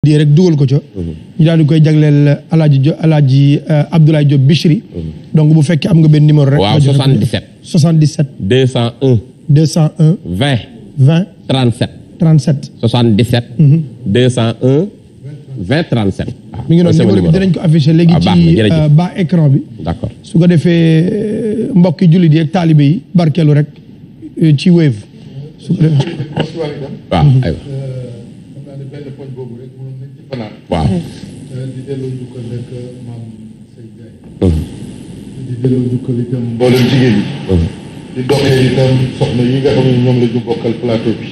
di rek dugal ko ca mhm. ñu daal koy jagleel alaaji jo alaaji euh, Abdoulaye Diop Bichri mhm. donc bu fekkee am nga benn numéro rek waaw 77 77 201 201 20 20 37 37 77 201 20 37 mi ngi noonu numéro bi dinañ ko affiché ah, léegi ci euh, bas écran bi d'accord su ko defee euh, mbokki jullit yi ak taalibe yi barkeelu rek ci wave su ko defee waaw waaw. Hmm. Eh, di delloo njukkal rek eh, maam Seydou Ndiaye. Hmm. di delloo njukkal itam mboolem jigéen ñi. Hmm. di doxee itam soxna yi nga xam ne ñoom la ñu bokkal plateau bi.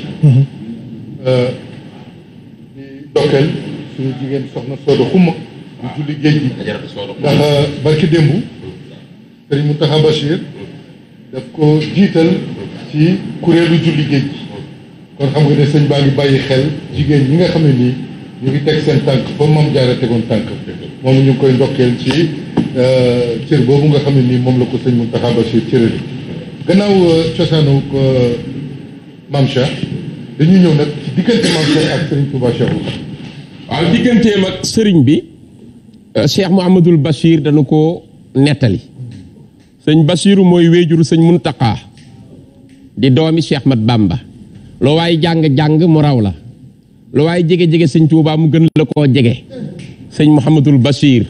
Eh, di doxeel suñu jigéen soxna Soda Xuma. di julli géej gi. ndax barki démb. sëriñ Mountakha Bachir. daf ko jiital ci kuréelu julli géej gi. kon xam nga ne sëñ baa ngi bàyyi xel jigéen yi nga xam ne nii. ñu ngi teg seen tànk ba moom jaara tegoon tànk moom ñu koy ndokkeel ci euh, cër boobu nga xam ne nii moom la ko sëñ Mountakha Bachir cërali gannaaw euh, cosaanu euh, Maam Cheikh dañu ñëw nag ci diggante Maam Cheikh ak Serigne Touba Cheikhoul waaw digganteem ak sëriñ bi Cheikh Mouhamadul Bachir dañu ko nettali sëñ Bachiru mooy wéejuru sëñ Mountakha di doomi Cheikh Mat Bamba loo waaye jàng-jàng mu raw la lu waaye jege-jege sëñ Tuubaa mu gën la koo jege sëñ Mouhamadul Bachir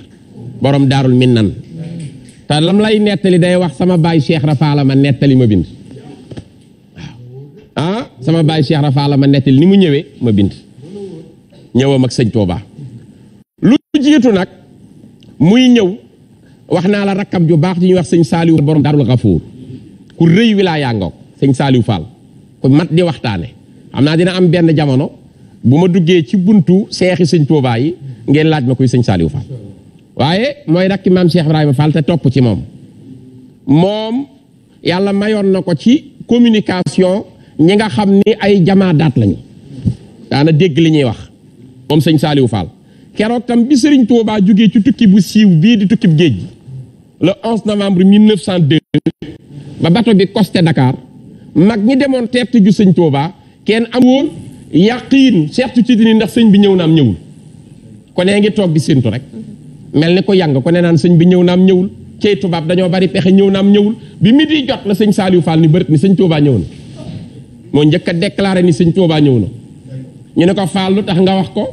boroom daarul minnan te lam lay nettali day wax sama baay Cheikh Rafaala ma nettali ma bind ah sama baay Cheikh Rafaala ma nettali ni mu ñëwee ma bind ñëwam ak sëñ Tuubaa lu jiitu nag muy ñëw wax naa la rakkam ju baax di ñuy wax sëñ Saaliw borom daarul Gafuur ku rëy wilaayaa ngoog sëñ Saaliw Fall ku mat di waxtaane xam naa dina am benn jamono bu ma duggee ci buntu seexi sëñ Touba yi ngeen laaj ma koy sëñ Saliou Fall waaye mooy rakki maam Cheikh Ibrahima Fall te topp ci moom moom yàlla mayoon na ko ci communication ñi nga xam ni ay jamaa daat lañu daana dégg li ñuy wax moom sëñ Saliou Fall keroog tam bi sëriñ Touba jógee ci tukki bu siiw bii di tukki bu géej gi le 11 novembre 1902 ba bato bi costé Dakar mag ñi demoon teerti ju sëñ Touba kenn amoon yaqiin certitude ni ndax sëñ bi ñëw na am ñëwul ko nee ngi toog di séntu rek mel ni ku yàng ko nee naan sëñ bi ñëw na am ñëwul cey tubaab dañoo bari pexe ñëw na am ñëwul bi di jot la sëñ Saliou Fall ni bërët ni sëñ Touba ñëw na moo njëkk a déclaré ni sëñ Touba ñëw na ñu ne ko faal lu tax nga wax ko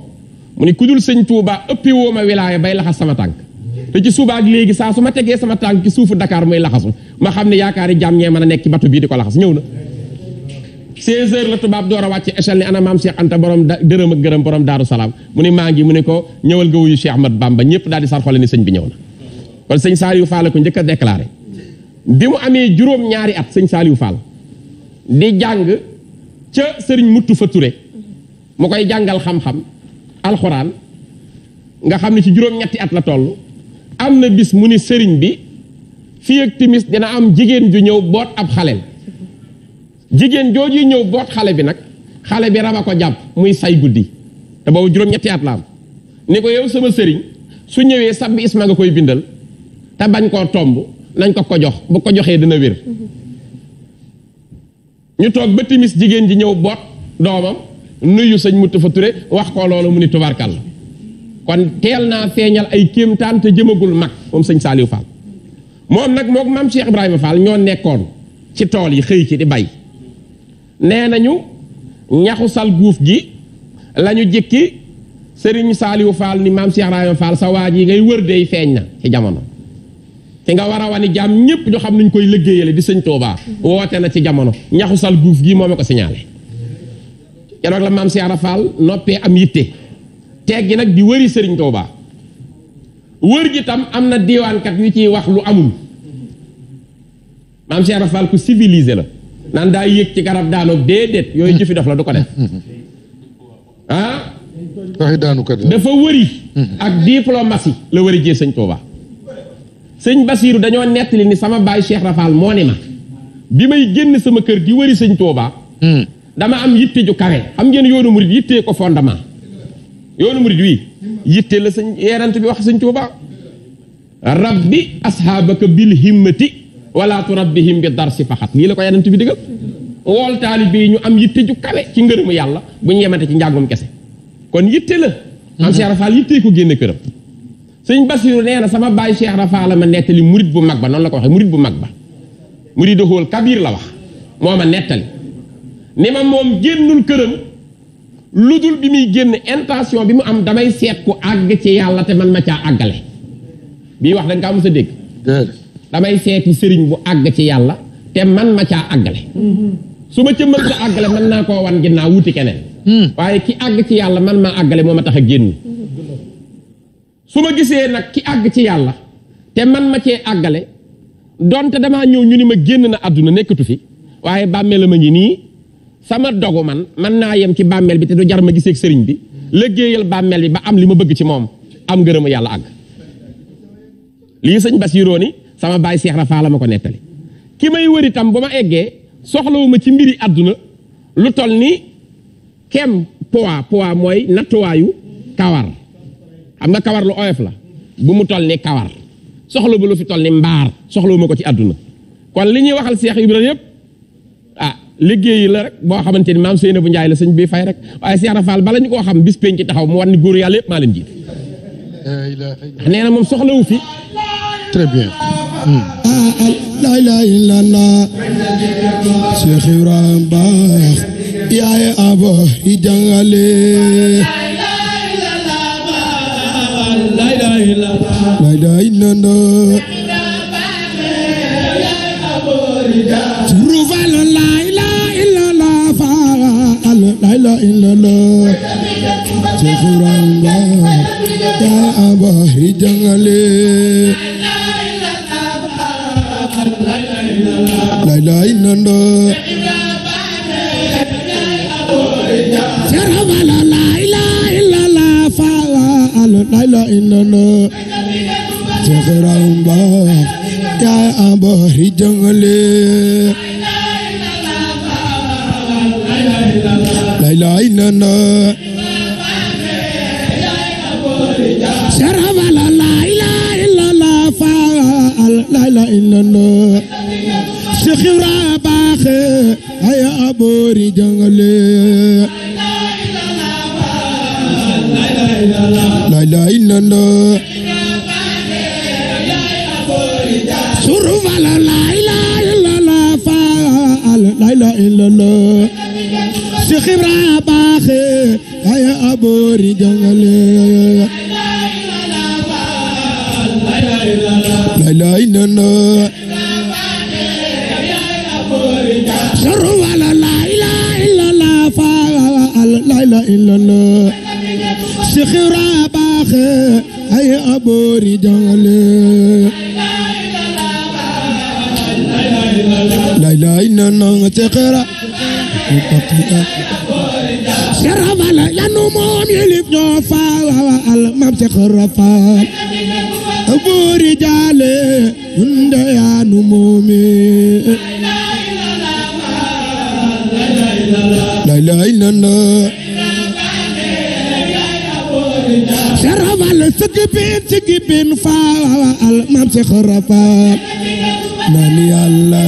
mu ne ku dul sëñ Touba ëppi woo ma wilaaya bay laxas sama tànk te ci suba léegi saa su ma tegee sama tànk ci suufu Dakar mooy laxasu ma xam ne yaakaari jàmm ñee mën a nekk ci bato bii di ko laxas ñëw na seize heures la tubaab door a wàcc échelle ni ana maam Cheikh Anta borom dërëm ak gërëm borom daaru mu ne maa ngi mu ne ko ñëwal nga wuyu Cheikh Ahmad Bamba ñëpp daal di sar xole ni sëñ bi ñëw na kon sëñ faal la ko njëkk a déclaré bi mu amee juróom-ñaari at sëñ Saliou Fall di jàng ca sëriñ muttu fa Touré mu koy jàngal xam-xam alxuraan nga xam ne ci juróom-ñetti at la toll am na bis mu ni sëriñ bi fii ak timis dina am jigéen ju ñëw boot ab xaleel jigéen jooju ñëw boot xale bi nag xale bi raba ko jàpp muy say guddi te boobu juróom-ñetti at la am ni ko yow sama sëriñ su ñëwee sabbi isma nga koy bindal te bañ koo tomb nañ ko ko jox bu ko joxee dina wér ñu toog ba timis jigéen ji ñëw boot doomam nuyu sëñ Mutu fa Ture wax ko loolu mu ni tubarkal kon teel naa seeñal ay kéemtaan te jëmagul mag moom sëñ Saliou Fall moom nag mook maam Cheikh Ibrahima Fall ñoo nekkoon ci tool yi xëy ci di bay nee nañu ñaxu sal guuf gi lañu ñu jëkki sëriñ Saaliwu Fall ni maam Cheikh Rayo Fall sa waaj yi ngay wër dey feeñ na ci jamono ki nga war a wani jaam ñëpp ñu xam nuñ koy liggéeyale di sëñ Touba woote na ci jamono ñaxu sal guuf gi moom a ko signalé keroog la maam Cheikh Rayo Fall noppee am yitte teeg gi nag di wëri sëriñ Touba wër gi tam am na diiwaankat yu ciy wax lu amul maam Cheikh Rayo ku civilisé la naan daa yéeg ci garab daanoog déedéet yooyu jëfi dof la du ko def ah dafa wëri ak diplomatie la wëri jee sëñ Tuuba sëñ Basiiru dañoo nettali ni sama baay Cheikh Rafal moo ne ma bi may génn sama kër di wëri sëñ Tuuba hmm. dama am yitte ju kawe xam ngeen yoonu murid yittee ko fondement yoonu murid wi yitte la sëñ yeerant bi wax sëñ Tuuba rabbi ashaabaka bil himmati wala turabbihim bi darsi faxat lii la ko yenent bi digal wool taalibe yi ñu am yitte ju kawe ci ngërëmu yàlla bu ñu yemante ci njàngum kese kon yitte la am Cheikh Rafal yittee ko génn këram sëñ Basiru nee na sama baay Cheikh Rafal ma nettali murit bu mag ba noon la ko waxee murit bu mag ba murit doxool kabir la wax moo ma nettali ni ma moom génnul këram lu dul bi muy génn intention bi mu am damay seet ku àgg ci yàlla te man ma caa àggale wax da nga kaa dégg damay seeti sëriñ bu àgg ci yàlla te man ma caa àggale su ma ca mënta àggale mën naa koo wan ginnaaw wuti keneen hmm. waaye ki àgg ci yàlla man maa àggale moo ma tax a génn ma gisee nag ki àgg ci yàlla te man ma cee àggale donte damaa ñëw ñu ni ma génn na àdduna nekkatu fi waaye bàmmeelam ma ngi nii sama dogu man man naa yem ci bàmmeel bi te du jar ma gisee sëriñ bi liggéeyal bàmmeel bi ba am li ma bëgg ci moom am ngërëmu yàlla àgg lii sëñ Basiiroo ni sama baay Cheikh Rafa la ma ko nettali ki may wër itam ba ma eggee soxlawuma ci mbiri àdduna lu tol ni kem poids poids mooy nattuwaayu kawar xam nga kawar lu oyof la bu mu toll ni kawar soxla bu lu fi tol ni mbaar soxlawuma ko ci àdduna kon li ñuy waxal yi Cheikh Ibrahima yëpp ah liggéey yi la rek boo xamante ni maam bu Ndiaye la sëñ bi fay rek waaye Cheikh Rafal bala ñu ko xam bis penc ci taxaw mu war ni góor yàlla yëpp maa leen jiit nee na moom soxlawu la ilaha illallah Cheikh Ibrahim Baax yaay abo i jàngale la ilaha illallah la ilaha illallah لا اله الا الله تغفر الله يا ابا lay lay nando saraba la lay lay la la fa la lay lay nando jaxara umba ya abori jongole lay lay nando la ilaha illallah Cheikh Ibra baaxe aya aboori jàngale la ilaha illallah suru fala la ilaha illallah faal la ilaha illallah Cheikh Ibra baaxe aya aboori jàngale lay na na saru wala la ilaha illa la fa la ilaha illa la sikhira baxe ay abori jangale la ilaha illa la sikhira sara wala la no mom yelif ñoo fa wala mam sikhira fa buuri jaale hunda yaanu moome la ilaha illallah sarabal sigibin sigibin faal maam si xarafaal nani yàlla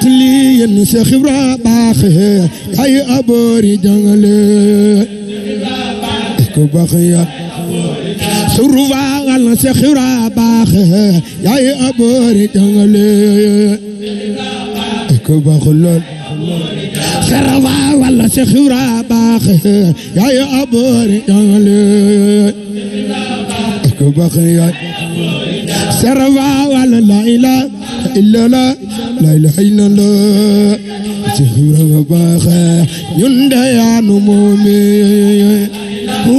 at lii yenn Cheikh Ibra baaxee ay aboori jàngale ku baaxee suru waagal na Cheikh Ibra baaxee ay aboori jàngale ku baaxul lool sara waagal na Cheikh Ibra baaxee ay aboori jàngale ku baaxee sara waagal la ilaha illallah la ilaha illallah Seex Ibra baax ñun dayaanu moomi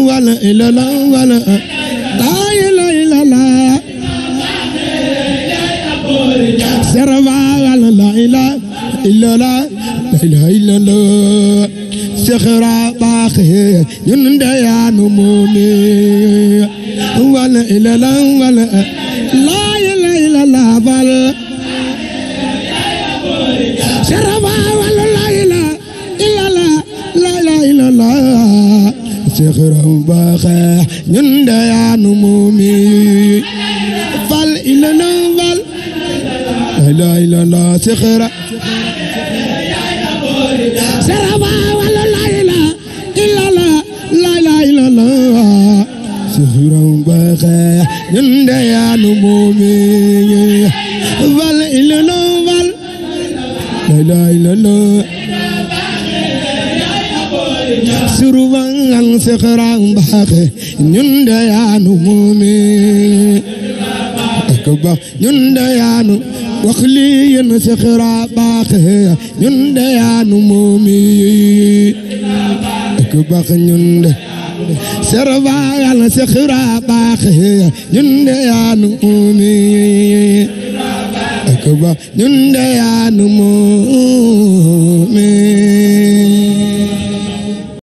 wala ilala wala la ilaha illallah serva wala la ilaha illallah la ilaha illallah Seex Ibra baax ñun dayaanu moomi wala ilala wala la ilaha illallah sixiram baaxee ñun de yaa nu muumi fal ila na fal ila ila la sixira saraba wala la ila ila la la ila ila la sixiram baaxee ñun de yaa nu muumi fal ila na fal ila ila la فقراء بحق ñun dayaanu moomi akba ñun dayaanu wax lii yéen faqraa baax ñun dayaanu moomi akba ñun de serva yàlla faqraa baax ñun dayaanu moomi akba ñun dayaanu moomi